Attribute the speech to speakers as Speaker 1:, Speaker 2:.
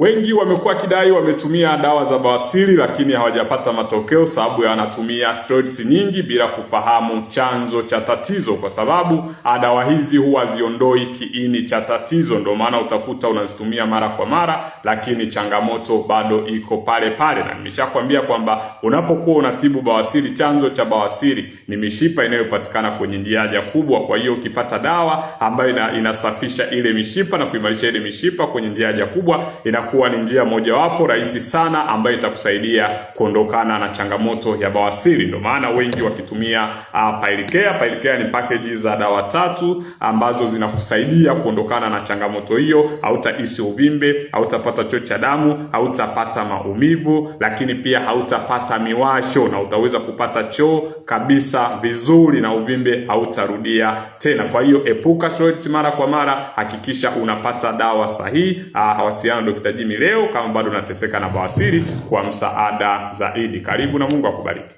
Speaker 1: Wengi wamekuwa kidai wametumia dawa za bawasiri lakini hawajapata matokeo, sababu ya wanatumia steroids nyingi bila kufahamu chanzo cha tatizo, kwa sababu ah, dawa hizi huwa ziondoi kiini cha tatizo. Ndio maana utakuta unazitumia mara kwa mara, lakini changamoto bado iko pale pale, na nimeshakwambia kwamba unapokuwa unatibu bawasiri, chanzo cha bawasiri ni mishipa inayopatikana kwenye njiaja kubwa. Kwa hiyo ukipata dawa ambayo inasafisha ile mishipa na kuimarisha ile mishipa kwenye njiaja kubwa ina itakuwa ni njia mojawapo rahisi sana ambayo itakusaidia kuondokana na changamoto ya bawasiri. Ndio maana wengi wakitumia uh, ah, Pilecare. Pilecare ni package za dawa tatu ambazo zinakusaidia kuondokana na changamoto hiyo. Hautahisi uvimbe, hautapata choo cha damu, hautapata maumivu, lakini pia hautapata miwasho na utaweza kupata choo kabisa vizuri na uvimbe hautarudia tena. Kwa hiyo epuka shorts mara kwa mara, hakikisha unapata dawa sahihi. Ah, hawasiliana na daktari Jimmy leo kama bado unateseka na bawasiri kwa msaada zaidi. Karibu na Mungu akubariki.